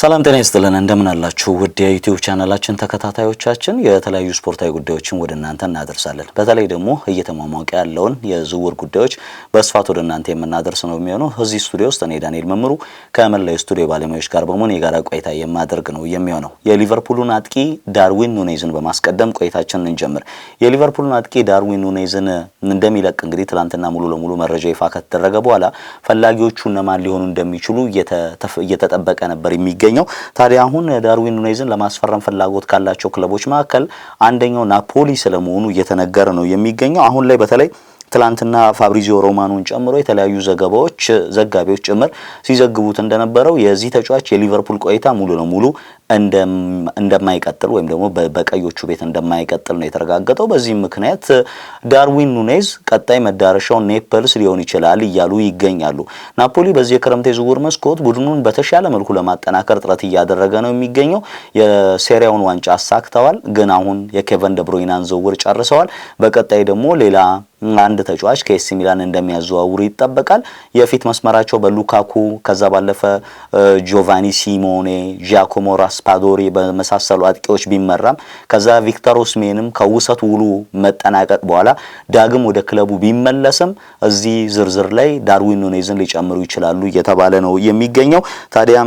ሰላም ጤና ይስጥልን እንደምን አላችሁ? ውድ የዩቲዩብ ቻናላችን ተከታታዮቻችን የተለያዩ ስፖርታዊ ጉዳዮችን ወደ እናንተ እናደርሳለን። በተለይ ደግሞ እየተሟሟቀ ያለውን የዝውውር ጉዳዮች በስፋት ወደ እናንተ የምናደርስ ነው የሚሆነው። እዚህ ስቱዲዮ ውስጥ እኔ ዳንኤል መምሩ ከመላው ስቱዲዮ ባለሙያዎች ጋር በመሆን የጋራ ቆይታ የማደርግ ነው የሚሆነው። የሊቨርፑሉን አጥቂ ዳርዊን ኑኔዝን በማስቀደም ቆይታችን እንጀምር። የሊቨርፑሉን አጥቂ ዳርዊን ኑኔዝን እንደሚለቅ እንግዲህ ትላንትና ሙሉ ለሙሉ መረጃ ይፋ ከተደረገ በኋላ ፈላጊዎቹ እነማን ሊሆኑ እንደሚችሉ እየተጠበቀ ነበር የሚገ የሚገኘው። ታዲያ አሁን ዳርዊን ኑኔዝን ለማስፈረም ፍላጎት ካላቸው ክለቦች መካከል አንደኛው ናፖሊ ስለመሆኑ እየተነገረ ነው የሚገኘው አሁን ላይ በተለይ ትላንትና ፋብሪዚዮ ሮማኖን ጨምሮ የተለያዩ ዘገባዎች ዘጋቢዎች ጭምር ሲዘግቡት እንደነበረው የዚህ ተጫዋች የሊቨርፑል ቆይታ ሙሉ ለሙሉ እንደማይቀጥል ወይም ደግሞ በቀዮቹ ቤት እንደማይቀጥል ነው የተረጋገጠው። በዚህም ምክንያት ዳርዊን ኑኔዝ ቀጣይ መዳረሻው ኔፕልስ ሊሆን ይችላል እያሉ ይገኛሉ። ናፖሊ በዚህ የክረምት የዝውውር መስኮት ቡድኑን በተሻለ መልኩ ለማጠናከር ጥረት እያደረገ ነው የሚገኘው። የሴሪያውን ዋንጫ አሳክተዋል፣ ግን አሁን የኬቨን ደብሮይናን ዝውውር ጨርሰዋል። በቀጣይ ደግሞ ሌላ አንድ ተጫዋች ከኤሲ ሚላን እንደሚያዘዋውሩ ይጠበቃል። የፊት መስመራቸው በሉካኩ ከዛ ባለፈ ጆቫኒ ሲሞኔ፣ ጂያኮሞ ራስ አስፓዶሪ በመሳሰሉ አጥቂዎች ቢመራም ከዛ ቪክተር ኦስሜንም ከውሰት ውሉ መጠናቀቅ በኋላ ዳግም ወደ ክለቡ ቢመለስም እዚህ ዝርዝር ላይ ዳርዊን ኑኔዝን ሊጨምሩ ይችላሉ እየተባለ ነው የሚገኘው። ታዲያ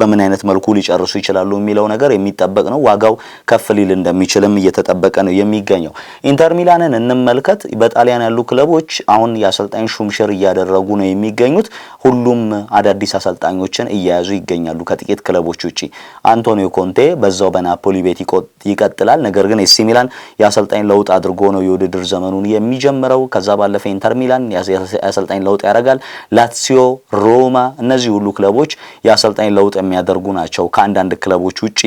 በምን አይነት መልኩ ሊጨርሱ ይችላሉ የሚለው ነገር የሚጠበቅ ነው። ዋጋው ከፍ ሊል እንደሚችልም እየተጠበቀ ነው የሚገኘው። ኢንተር ሚላንን እንመልከት። በጣሊያን ያሉ ክለቦች አሁን የአሰልጣኝ ሹምሽር እያደረጉ ነው የሚገኙት። ሁሉም አዳዲስ አሰልጣኞችን እየያዙ ይገኛሉ ከጥቂት ክለቦች ውጪ። አንቶኒዮ ኮንቴ በዛው በናፖሊ ቤት ይቀጥላል። ነገር ግን ኤሲ ሚላን የአሰልጣኝ ለውጥ አድርጎ ነው የውድድር ዘመኑን የሚጀምረው። ከዛ ባለፈ ኢንተር ሚላን የአሰልጣኝ ለውጥ ያደርጋል። ላትሲዮ፣ ሮማ፣ እነዚህ ሁሉ ክለቦች የአሰልጣኝ ለውጥ የሚያደርጉ ናቸው። ከአንዳንድ ክለቦች ውጪ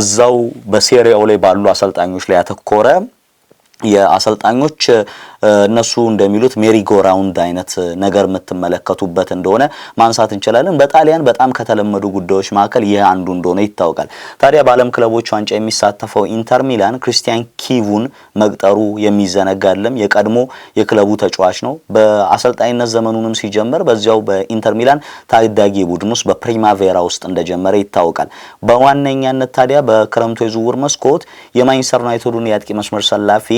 እዛው በሴሪያው ላይ ባሉ አሰልጣኞች ላይ ያተኮረ የአሰልጣኞች እነሱ እንደሚሉት ሜሪጎ ራውንድ አይነት ነገር የምትመለከቱበት እንደሆነ ማንሳት እንችላለን። በጣሊያን በጣም ከተለመዱ ጉዳዮች መካከል ይህ አንዱ እንደሆነ ይታወቃል። ታዲያ በዓለም ክለቦች ዋንጫ የሚሳተፈው ኢንተር ሚላን ክሪስቲያን ኪቡን መቅጠሩ የሚዘነጋ የቀድሞ የክለቡ ተጫዋች ነው። በአሰልጣኝነት ዘመኑንም ሲጀምር በዚያው በኢንተር ሚላን ታዳጊ ቡድን ውስጥ በፕሪማቬራ ውስጥ እንደጀመረ ይታወቃል። በዋነኛነት ታዲያ በክረምቱ የዝውውር መስኮት የማንችስተር ዩናይትዱን የአጥቂ መስመር ሰላፊ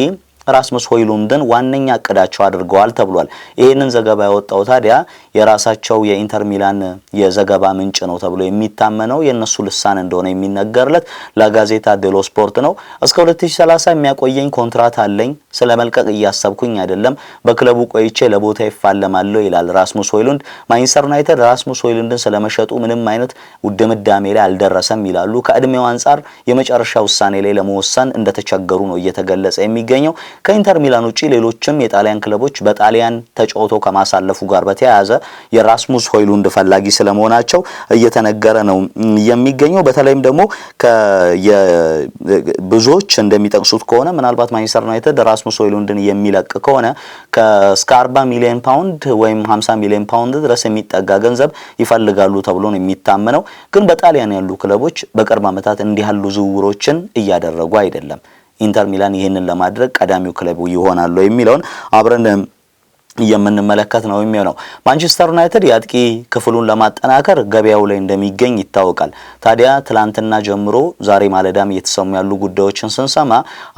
ራስመስ ሆይሉንድን ዋነኛ እቅዳቸው አድርገዋል ተብሏል። ይህንን ዘገባ ያወጣው ታዲያ የራሳቸው የኢንተር ሚላን የዘገባ ምንጭ ነው ተብሎ የሚታመነው የእነሱ ልሳን እንደሆነ የሚነገርለት ለጋዜታ ዴሎ ስፖርት ነው። እስከ 2030 የሚያቆየኝ ኮንትራት አለኝ፣ ስለ መልቀቅ እያሰብኩኝ አይደለም፣ በክለቡ ቆይቼ ለቦታ ይፋለማለሁ ይላል ራስሙስ ሆይሉንድ። ማንችስተር ዩናይትድ ራስሙስ ሆይሉንድን ስለመሸጡ ምንም አይነት ድምዳሜ ላይ አልደረሰም ይላሉ። ከእድሜው አንጻር የመጨረሻ ውሳኔ ላይ ለመወሰን እንደተቸገሩ ነው እየተገለጸ የሚገኘው። ከኢንተር ሚላን ውጪ ሌሎችም የጣሊያን ክለቦች በጣሊያን ተጫውቶ ከማሳለፉ ጋር በተያያዘ የራስሙስ ሆይሉንድ ፈላጊ ስለመሆናቸው እየተነገረ ነው የሚገኘው። በተለይም ደግሞ ብዙዎች እንደሚጠቅሱት ከሆነ ምናልባት ማንቸስተር ዩናይትድ ራስሙስ ሆይሉንድን የሚለቅ ከሆነ እስከ 40 ሚሊዮን ፓውንድ ወይም 50 ሚሊዮን ፓውንድ ድረስ የሚጠጋ ገንዘብ ይፈልጋሉ ተብሎ ነው የሚታመነው። ግን በጣሊያን ያሉ ክለቦች በቅርብ ዓመታት እንዲህ ያሉ ዝውውሮችን እያደረጉ አይደለም። ኢንተር ሚላን ይህንን ለማድረግ ቀዳሚው ክለቡ ይሆናሉ የሚለውን አብረን የምንመለከት ነው የሚሆነው። ማንቸስተር ዩናይትድ የአጥቂ ክፍሉን ለማጠናከር ገበያው ላይ እንደሚገኝ ይታወቃል። ታዲያ ትላንትና ጀምሮ ዛሬ ማለዳም እየተሰሙ ያሉ ጉዳዮችን ስንሰማ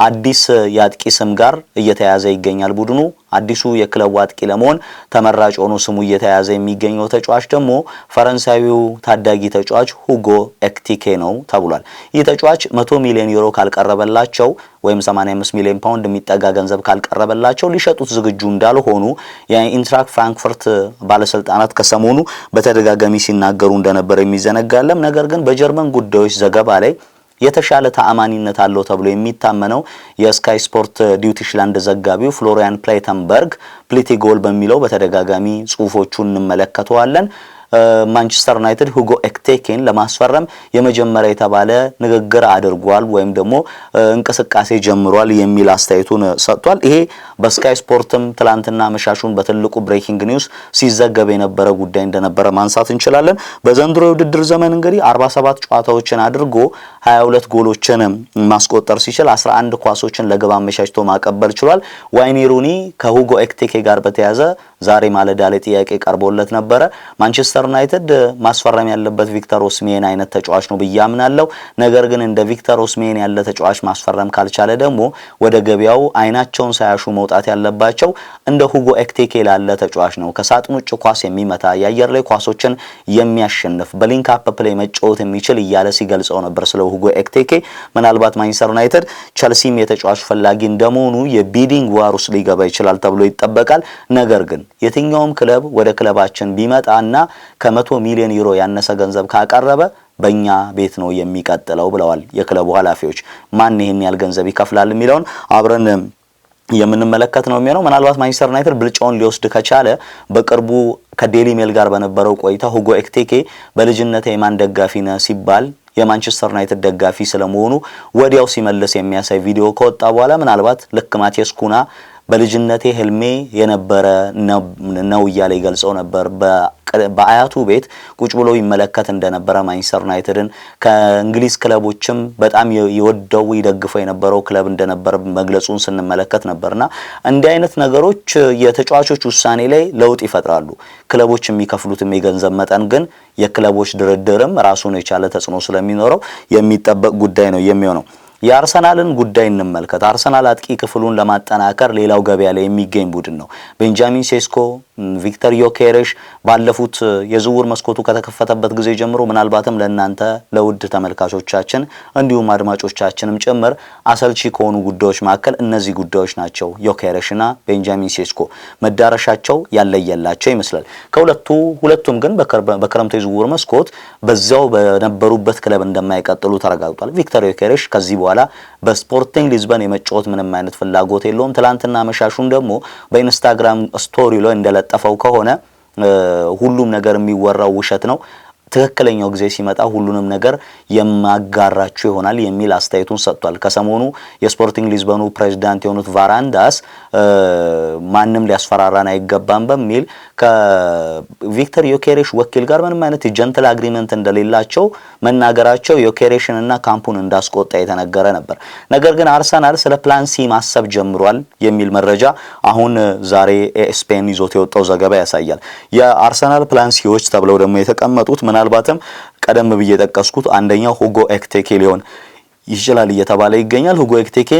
አዲስ የአጥቂ ስም ጋር እየተያያዘ ይገኛል ቡድኑ አዲሱ የክለቡ አጥቂ ለመሆን ተመራጭ ሆኖ ስሙ እየተያዘ የሚገኘው ተጫዋች ደግሞ ፈረንሳዊው ታዳጊ ተጫዋች ሁጎ ኤክቲኬ ነው ተብሏል። ይህ ተጫዋች 100 ሚሊዮን ዩሮ ካልቀረበላቸው ወይም 85 ሚሊዮን ፓውንድ የሚጠጋ ገንዘብ ካልቀረበላቸው ሊሸጡት ዝግጁ እንዳልሆኑ የኢንትራክ ፍራንክፉርት ባለስልጣናት ከሰሞኑ በተደጋጋሚ ሲናገሩ እንደነበር የሚዘነጋለም። ነገር ግን በጀርመን ጉዳዮች ዘገባ ላይ የተሻለ ተአማኒነት አለው ተብሎ የሚታመነው የስካይ ስፖርት ዲዩቲሽላንድ ዘጋቢው ፍሎሪያን ፕሌተንበርግ ፕሊቲ ጎል በሚለው በተደጋጋሚ ጽሁፎቹን እንመለከተዋለን። ማንቸስተር ዩናይትድ ሁጎ ኤክቴኬን ለማስፈረም የመጀመሪያ የተባለ ንግግር አድርጓል ወይም ደግሞ እንቅስቃሴ ጀምሯል የሚል አስተያየቱን ሰጥቷል። ይሄ በስካይ ስፖርትም ትላንትና መሻሹን በትልቁ ብሬኪንግ ኒውስ ሲዘገብ የነበረ ጉዳይ እንደነበረ ማንሳት እንችላለን። በዘንድሮ የውድድር ዘመን እንግዲህ 47 ጨዋታዎችን አድርጎ 22 ጎሎችን ማስቆጠር ሲችል 11 ኳሶችን ለግብ አመቻችቶ ማቀበል ችሏል። ዋይኒ ሩኒ ከሁጎ ኤክቴኬ ጋር በተያያዘ ዛሬ ማለዳ ላይ ጥያቄ ቀርቦለት ነበረ። ማንቸስተር ዩናይትድ ማስፈረም ያለበት ቪክተር ኦስሜን አይነት ተጫዋች ነው ብዬ አምናለሁ። ነገር ግን እንደ ቪክተር ኦስሜን ያለ ተጫዋች ማስፈረም ካልቻለ ደግሞ ወደ ገበያው አይናቸውን ሳያሹ መውጣት ያለባቸው እንደ ሁጎ ኤክቴኬ ላለ ተጫዋች ነው። ከሳጥን ውጭ ኳስ የሚመታ የአየር ላይ ኳሶችን የሚያሸንፍ በሊንክ አፕ ፕሌይ መጫወት የሚችል እያለ ሲገልጸው ነበር ስለ ሁጎ ኤክቴኬ። ምናልባት ማንቸስተር ዩናይትድ ቸልሲም የተጫዋች ፈላጊ እንደመሆኑ የቢዲንግ ዋር ውስጥ ሊገባ ይችላል ተብሎ ይጠበቃል። ነገር ግን የትኛውም ክለብ ወደ ክለባችን ቢመጣና ከመቶ ሚሊዮን ዩሮ ያነሰ ገንዘብ ካቀረበ በእኛ ቤት ነው የሚቀጥለው ብለዋል የክለቡ ኃላፊዎች። ማን ይህን ያህል ገንዘብ ይከፍላል የሚለውን አብረን የምንመለከት ነው የሚሆነው። ምናልባት ማንቸስተር ዩናይትድ ብልጫውን ሊወስድ ከቻለ በቅርቡ ከዴሊ ሜል ጋር በነበረው ቆይታ ሁጎ ኤክቴኬ በልጅነት የማን ደጋፊ ነ ሲባል የማንቸስተር ዩናይትድ ደጋፊ ስለመሆኑ ወዲያው ሲመልስ የሚያሳይ ቪዲዮ ከወጣ በኋላ ምናልባት ልክ ማቴስ ኩና በልጅነቴ ህልሜ የነበረ ነው እያለ ይገልጸው ነበር። በአያቱ ቤት ቁጭ ብሎ ይመለከት እንደነበረ ማንችስተር ዩናይትድን ከእንግሊዝ ክለቦችም በጣም ይወደው ይደግፈው የነበረው ክለብ እንደነበር መግለጹን ስንመለከት ነበርና እንዲህ አይነት ነገሮች የተጫዋቾች ውሳኔ ላይ ለውጥ ይፈጥራሉ። ክለቦች የሚከፍሉትም የገንዘብ መጠን ግን የክለቦች ድርድርም ራሱን የቻለ ተጽዕኖ ስለሚኖረው የሚጠበቅ ጉዳይ ነው የሚሆነው። የአርሰናልን ጉዳይ እንመልከት። አርሰናል አጥቂ ክፍሉን ለማጠናከር ሌላው ገበያ ላይ የሚገኝ ቡድን ነው። ቤንጃሚን ሴስኮ፣ ቪክተር ዮኬሬሽ ባለፉት የዝውውር መስኮቱ ከተከፈተበት ጊዜ ጀምሮ ምናልባትም ለእናንተ ለውድ ተመልካቾቻችን እንዲሁም አድማጮቻችንም ጭምር አሰልቺ ከሆኑ ጉዳዮች መካከል እነዚህ ጉዳዮች ናቸው። ዮኬሬሽና ቤንጃሚን ሴስኮ መዳረሻቸው ያለየላቸው ይመስላል። ከሁለቱ ሁለቱም ግን በክረምቱ የዝውውር መስኮት በዚያው በነበሩበት ክለብ እንደማይቀጥሉ ተረጋግጧል። ቪክተር ዮኬሬሽ ከዚህ በኋላ በኋላ በስፖርቲንግ ሊዝበን የመጫወት ምንም አይነት ፍላጎት የለውም። ትላንትና መሻሹን ደግሞ በኢንስታግራም ስቶሪ ላይ እንደለጠፈው ከሆነ ሁሉም ነገር የሚወራው ውሸት ነው። ትክክለኛው ጊዜ ሲመጣ ሁሉንም ነገር የማጋራችሁ ይሆናል የሚል አስተያየቱን ሰጥቷል። ከሰሞኑ የስፖርቲንግ ሊዝበኑ ፕሬዚዳንት የሆኑት ቫራንዳስ ማንም ሊያስፈራራን አይገባም በሚል ከቪክተር ዮኬሬሽ ወኪል ጋር ምንም አይነት የጀንትል አግሪመንት እንደሌላቸው መናገራቸው ዮኬሬሽንና ካምፑን እንዳስቆጣ የተነገረ ነበር። ነገር ግን አርሰናል ስለ ፕላን ሲ ማሰብ ጀምሯል የሚል መረጃ አሁን ዛሬ ኤስፔን ይዞት የወጣው ዘገባ ያሳያል። የአርሰናል ፕላን ሲዎች ተብለው ደግሞ የተቀመጡት ምናልባትም ቀደም ብዬ የጠቀስኩት አንደኛው ሁጎ ኤክቴኬ ሊሆን ይችላል እየተባለ ይገኛል። ሁጎ ኤክቴኬ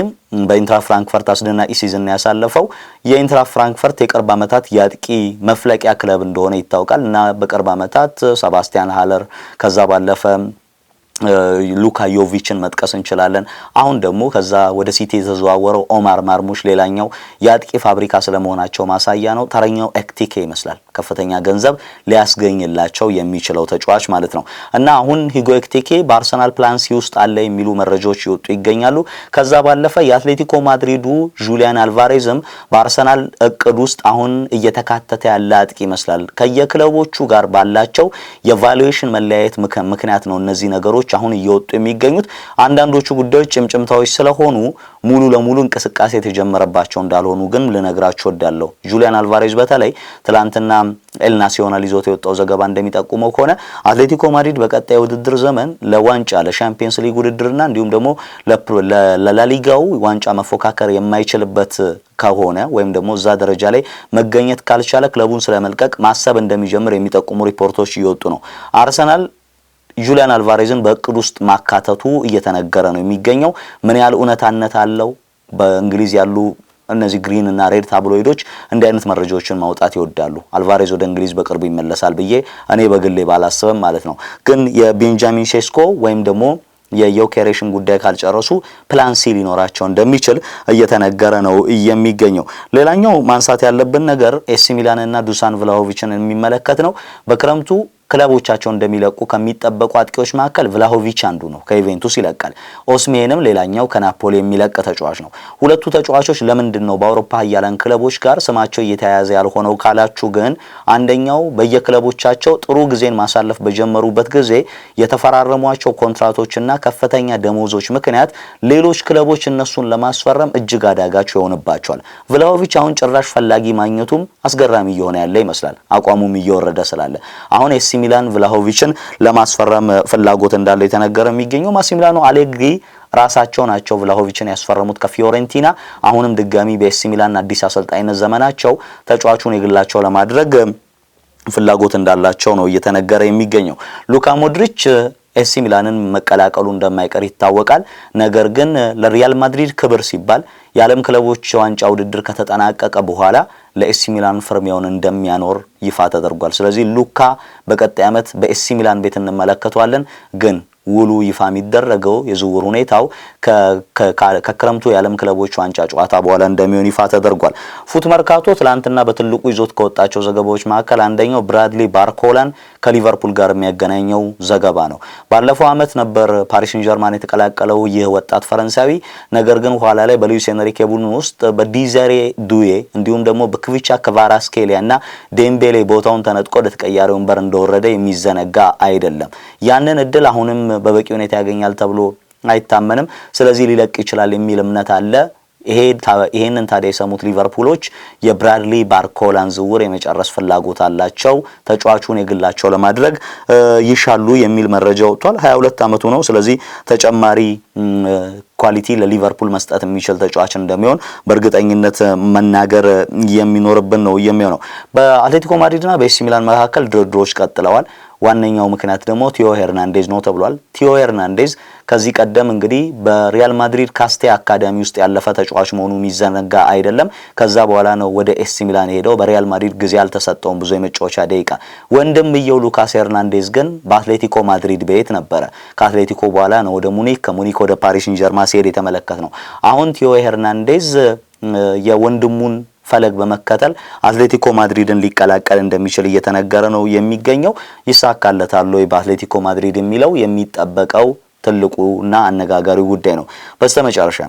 በኢንትራ ፍራንክፈርት አስደናቂ ሲዝን ያሳለፈው የኢንትራ ፍራንክፈርት የቅርብ ዓመታት የአጥቂ መፍለቂያ ክለብ እንደሆነ ይታወቃል እና በቅርብ ዓመታት ሰባስቲያን ሃለር ከዛ ባለፈ ሉካ ዮቪችን መጥቀስ እንችላለን። አሁን ደግሞ ከዛ ወደ ሲቲ የተዘዋወረው ኦማር ማርሙሽ ሌላኛው የአጥቂ ፋብሪካ ስለመሆናቸው ማሳያ ነው። ተረኛው ኤክቲኬ ይመስላል ከፍተኛ ገንዘብ ሊያስገኝላቸው የሚችለው ተጫዋች ማለት ነው እና አሁን ሂጎ ኤክቲኬ በአርሰናል ፕላንሲ ውስጥ አለ የሚሉ መረጃዎች ይወጡ ይገኛሉ። ከዛ ባለፈ የአትሌቲኮ ማድሪዱ ጁሊያን አልቫሬዝም በአርሰናል እቅድ ውስጥ አሁን እየተካተተ ያለ አጥቂ ይመስላል። ከየክለቦቹ ጋር ባላቸው የቫሉዌሽን መለያየት ምክንያት ነው እነዚህ ነገሮች ጉዳዮች አሁን እየወጡ የሚገኙት አንዳንዶቹ ጉዳዮች ጭምጭምታዎች ስለሆኑ ሙሉ ለሙሉ እንቅስቃሴ የተጀመረባቸው እንዳልሆኑ ግን ልነግራችሁ ወዳለሁ። ጁሊያን አልቫሬዝ በተለይ ትላንትና ኤል ናሲዮናል ይዞት የወጣው ዘገባ እንደሚጠቁመው ከሆነ አትሌቲኮ ማድሪድ በቀጣይ ውድድር ዘመን ለዋንጫ ለሻምፒየንስ ሊግ ውድድርና እንዲሁም ደግሞ ለላሊጋው ዋንጫ መፎካከር የማይችልበት ከሆነ ወይም ደግሞ እዛ ደረጃ ላይ መገኘት ካልቻለ ክለቡን ስለመልቀቅ ማሰብ እንደሚጀምር የሚጠቁሙ ሪፖርቶች እየወጡ ነው። አርሰናል ጁሊያን አልቫሬዝን በእቅድ ውስጥ ማካተቱ እየተነገረ ነው የሚገኘው። ምን ያህል እውነታነት አለው? በእንግሊዝ ያሉ እነዚህ ግሪን እና ሬድ ታብሎይዶች እንዲህ አይነት መረጃዎችን ማውጣት ይወዳሉ። አልቫሬዝ ወደ እንግሊዝ በቅርቡ ይመለሳል ብዬ እኔ በግሌ ባላስብም ማለት ነው። ግን የቤንጃሚን ሴስኮ ወይም ደግሞ የዮኬሬሽን ጉዳይ ካልጨረሱ ፕላን ሲ ሊኖራቸው እንደሚችል እየተነገረ ነው የሚገኘው። ሌላኛው ማንሳት ያለብን ነገር ኤሲ ሚላንና ዱሳን ቭላሆቪችን የሚመለከት ነው። በክረምቱ ክለቦቻቸው እንደሚለቁ ከሚጠበቁ አጥቂዎች መካከል ቭላሆቪች አንዱ ነው። ከዩቬንቱስ ይለቃል። ኦስሜንም ሌላኛው ከናፖሊ የሚለቅ ተጫዋች ነው። ሁለቱ ተጫዋቾች ለምንድን ነው በአውሮፓ ኃያላን ክለቦች ጋር ስማቸው እየተያያዘ ያልሆነው ካላችሁ ግን አንደኛው በየክለቦቻቸው ጥሩ ጊዜን ማሳለፍ በጀመሩበት ጊዜ የተፈራረሟቸው ኮንትራቶችና ከፍተኛ ደሞዞች ምክንያት ሌሎች ክለቦች እነሱን ለማስፈረም እጅግ አዳጋቸው ይሆንባቸዋል። ቭላሆቪች አሁን ጭራሽ ፈላጊ ማግኘቱም አስገራሚ እየሆነ ያለ ይመስላል። አቋሙም እየወረደ ስላለ አሁን ኤሲ ማሲሚላን ቭላሆቪችን ለማስፈረም ፍላጎት እንዳለው የተነገረ የሚገኘው ማሲሚላኑ አሌግሪ ራሳቸው ናቸው ቭላሆቪችን ያስፈረሙት ከፊዮሬንቲና። አሁንም ድጋሚ በኤሲ ሚላን አዲስ አሰልጣኝነት ዘመናቸው ተጫዋቹን የግላቸው ለማድረግ ፍላጎት እንዳላቸው ነው እየተነገረ የሚገኘው። ሉካ ሞድሪች ኤሲ ሚላንን መቀላቀሉ እንደማይቀር ይታወቃል። ነገር ግን ለሪያል ማድሪድ ክብር ሲባል የዓለም ክለቦች ዋንጫ ውድድር ከተጠናቀቀ በኋላ ለኤሲ ሚላን ፍርሚያውን እንደሚያኖር ይፋ ተደርጓል። ስለዚህ ሉካ በቀጣይ ዓመት በኤሲ ሚላን ቤት እንመለከተዋለን ግን ውሉ ይፋ የሚደረገው የዝውውር ሁኔታው ከክረምቱ የዓለም ክለቦች ዋንጫ ጨዋታ በኋላ እንደሚሆን ይፋ ተደርጓል። ፉት መርካቶ ትላንትና በትልቁ ይዞት ከወጣቸው ዘገባዎች መካከል አንደኛው ብራድሊ ባርኮላን ከሊቨርፑል ጋር የሚያገናኘው ዘገባ ነው። ባለፈው ዓመት ነበር ፓሪስን ጀርማን የተቀላቀለው ይህ ወጣት ፈረንሳዊ። ነገር ግን ኋላ ላይ በሉዊስ ኤንሪኬ ቡድን ውስጥ በዲዘሬ ዱዬ እንዲሁም ደግሞ በክቪቻ ክቫራትስኬሊያና ዴምቤሌ ቦታውን ተነጥቆ ወደ ተቀያሪ ወንበር እንደወረደ የሚዘነጋ አይደለም። ያንን እድል አሁንም በበቂ ሁኔታ ያገኛል ተብሎ አይታመንም። ስለዚህ ሊለቅ ይችላል የሚል እምነት አለ። ይሄንን ታዲያ የሰሙት ሊቨርፑሎች የብራድሊ ባርኮላን ዝውውር የመጨረስ ፍላጎት አላቸው። ተጫዋቹን የግላቸው ለማድረግ ይሻሉ የሚል መረጃ ወጥቷል። 22 ዓመቱ ነው። ስለዚህ ተጨማሪ ኳሊቲ ለሊቨርፑል መስጠት የሚችል ተጫዋች እንደሚሆን በእርግጠኝነት መናገር የሚኖርብን ነው የሚሆነው። በአትሌቲኮ ማድሪድና በኤሲ ሚላን መካከል ድርድሮች ቀጥለዋል። ዋነኛው ምክንያት ደግሞ ቲዮ ሄርናንዴዝ ነው ተብሏል። ቲዮ ሄርናንዴዝ ከዚህ ቀደም እንግዲህ በሪያል ማድሪድ ካስቴያ አካዳሚ ውስጥ ያለፈ ተጫዋች መሆኑ የሚዘነጋ አይደለም። ከዛ በኋላ ነው ወደ ኤሲ ሚላን ሄደው በሪያል ማድሪድ ጊዜ አልተሰጠውም ብዙ የመጫወቻ ደቂቃ። ወንድምየው ሉካስ ሄርናንዴዝ ግን በአትሌቲኮ ማድሪድ ቤት ነበረ። ከአትሌቲኮ በኋላ ነው ወደ ሙኒክ፣ ከሙኒክ ወደ ፓሪስ ሴንት ሲሄድ የተመለከት ነው። አሁን ቲዮ ሄርናንዴዝ የወንድሙን ፈለግ በመከተል አትሌቲኮ ማድሪድን ሊቀላቀል እንደሚችል እየተነገረ ነው የሚገኘው። ይሳካለታል ወይ በአትሌቲኮ ማድሪድ የሚለው የሚጠበቀው ትልቁና አነጋጋሪ ጉዳይ ነው። በስተመጨረሻ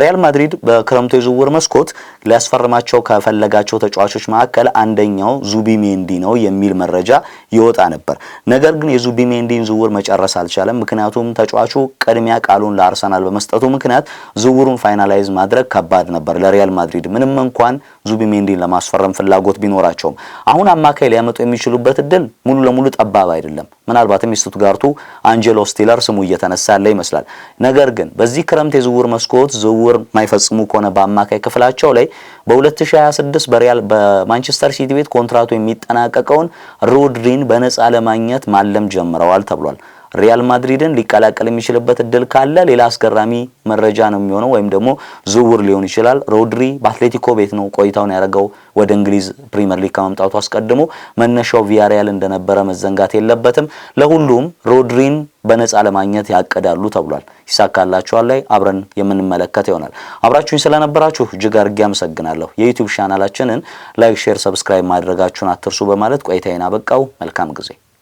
ሪያል ማድሪድ በክረምቱ የዝውውር መስኮት ሊያስፈርማቸው ከፈለጋቸው ተጫዋቾች መካከል አንደኛው ዙቢሜንዲ ነው የሚል መረጃ ይወጣ ነበር። ነገር ግን የዙቢሜንዲን ዝውውር መጨረስ አልቻለም። ምክንያቱም ተጫዋቹ ቅድሚያ ቃሉን ለአርሰናል በመስጠቱ ምክንያት ዝውውሩን ፋይናላይዝ ማድረግ ከባድ ነበር ለሪያል ማድሪድ ምንም እንኳን ዙቢሜንዲን ለማስፈረም ፍላጎት ቢኖራቸውም አሁን አማካይ ሊያመጡ የሚችሉበት እድል ሙሉ ለሙሉ ጠባብ አይደለም። ምናልባትም የስቱትጋርቱ አንጀሎ ስቲለር ስሙ እየተነሳ ያለ ይመስላል። ነገር ግን በዚህ ክረምት የዝውውር መስኮት ዝውውር ማይፈጽሙ ከሆነ በአማካይ ክፍላቸው ላይ በ2026 በሪያል በማንቸስተር ሲቲ ቤት ኮንትራቱ የሚጠናቀቀውን ሮድሪን በነፃ ለማግኘት ማለም ጀምረዋል ተብሏል። ሪያል ማድሪድን ሊቀላቀል የሚችልበት እድል ካለ ሌላ አስገራሚ መረጃ ነው የሚሆነው፣ ወይም ደግሞ ዝውውር ሊሆን ይችላል። ሮድሪ በአትሌቲኮ ቤት ነው ቆይታውን ያደረገው ወደ እንግሊዝ ፕሪምየር ሊግ ከመምጣቱ አስቀድሞ መነሻው ቪያሪያል እንደነበረ መዘንጋት የለበትም። ለሁሉም ሮድሪን በነፃ ለማግኘት ያቅዳሉ ተብሏል። ይሳካላችኋል ላይ አብረን የምንመለከት ይሆናል። አብራችሁኝ ስለነበራችሁ እጅግ አድርጌ አመሰግናለሁ። የዩቲዩብ ቻናላችንን ላይክ፣ ሼር፣ ሰብስክራይብ ማድረጋችሁን አትርሱ በማለት ቆይታዬን አበቃው። መልካም ጊዜ